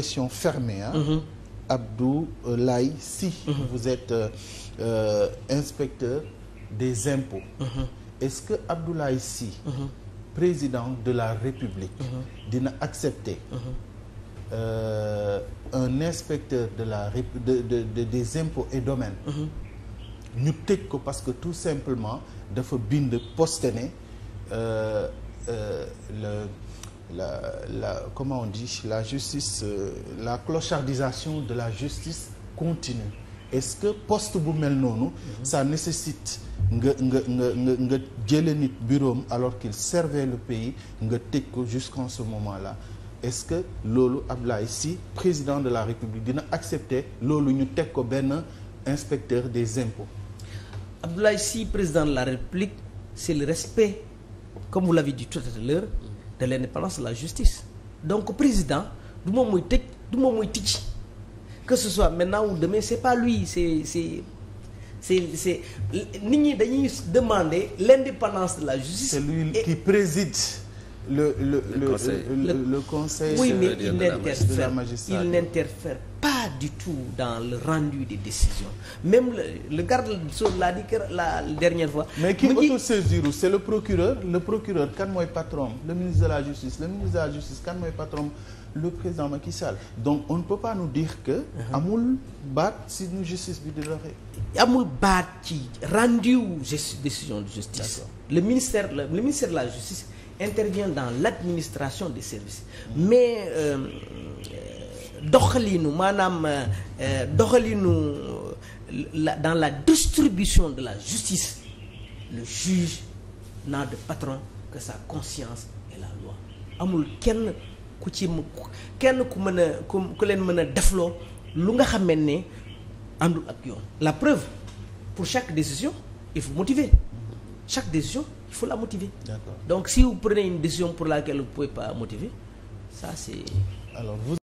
question fermée hein. Mm vous êtes euh, euh, inspecteur des impôts mm est-ce que Abdou Laye Sy président de la République dina accepter un inspecteur de la de, de, de des impôts et domaines ñu tëj ko parce que tout simplement dafa bind postene euh, la la comment on dit la justice euh, la clochardisation de la justice continue est-ce que poste bu mel noonu. ça nécessite nga nga nga nga nga jële nit bureau am alors qu'il servait le pays nga tëj ko jusqu'en ce moment-là est-ce que loolu Ablaye Sy président de la République dina accepter loolu ñu teg ko benn inspecteur des impôts. Ablaye Sy président de la République c'est le respect comme vous l'avez dit tout à l'heure de l'indépendance de la justice donc président du moom mooy tëj du moom mooy tijji que ce soit maintenant ou demain c'est pas lui c'est c'est c'est nit ñi dañuy demander l'indépendance de la justice c'est lui qui préside le le le le, le, le conseil il n'interfère pas du tout dans le rendu des décisions même le, le garde l'a dit la dernière fois. mais qui autosaisir c'est le procureur le procureur kan mooy patron le ministre de la justice le ministre de la justice kan mooy patron le président Macky donc on ne peut pas nous dire que. Uh-huh. amul baat si nu justice bi di doxee. amul baat ci rendu décision de justice. le ministère le, le ministère de la justice intervient dans l'administration des services. Mm-hmm. mais. Euh, doxaliinu maanaam euh, euh, doxaliinu la dans la distribution de la justice le juge n'a de patron que sa conscience et la loi amul kenn ku ci kenn ku mën a ku leen mën a defloo lu nga xamee ne àndul ak yoon la preuve pour chaque décision il faut motiver chaque décision il faut la motiver d'accord donc si vous prenez une décision pour laquelle vous ne pouvez pas motiver ça c'est